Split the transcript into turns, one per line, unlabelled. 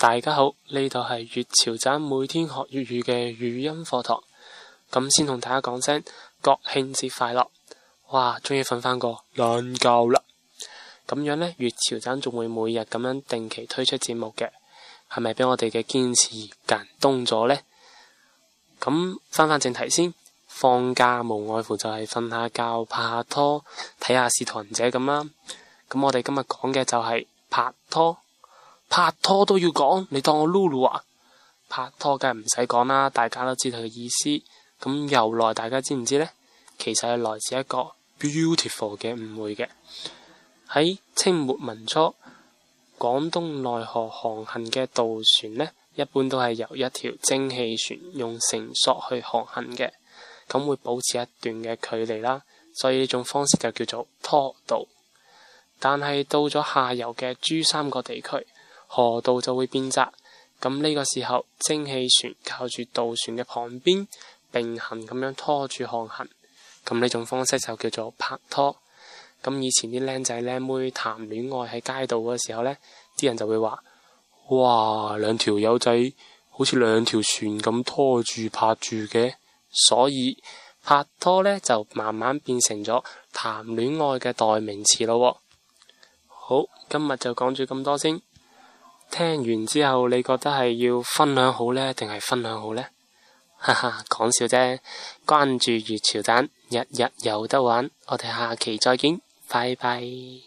大家好，呢度係粵潮站每天學粵語嘅語音課堂。咁先同大家講聲國慶節快樂！哇，終於瞓翻個懶覺啦。咁樣呢，粵潮站仲會每日咁樣定期推出節目嘅，係咪俾我哋嘅堅持勁凍咗呢？咁翻返正題先，放假無外乎就係瞓下覺、拍下拖、睇下《使徒行者》咁啦。咁我哋今日講嘅就係拍拖。拍拖都要講，你當我 Lulu 啊？拍拖梗係唔使講啦，大家都知佢嘅意思。咁由來大家知唔知呢？其實係來自一個 beautiful 嘅誤會嘅。喺清末民初，廣東內河航行嘅渡船呢，一般都係由一條蒸汽船用繩索去航行嘅，咁會保持一段嘅距離啦。所以呢種方式就叫做拖渡。但係到咗下游嘅珠三角地區，河道就會變窄，咁呢個時候蒸汽船靠住渡船嘅旁邊並行咁樣拖住航行，咁呢種方式就叫做拍拖。咁以前啲靚仔靚妹談戀愛喺街道嘅時候呢，啲人就會話：哇，兩條友仔好似兩條船咁拖住拍住嘅。所以拍拖呢，就慢慢變成咗談戀愛嘅代名詞咯。好，今日就講住咁多先。聽完之後，你覺得係要分享好呢？定係分享好呢？哈哈，講笑啫！關注月潮蛋，日日有得玩。我哋下期再見，拜拜。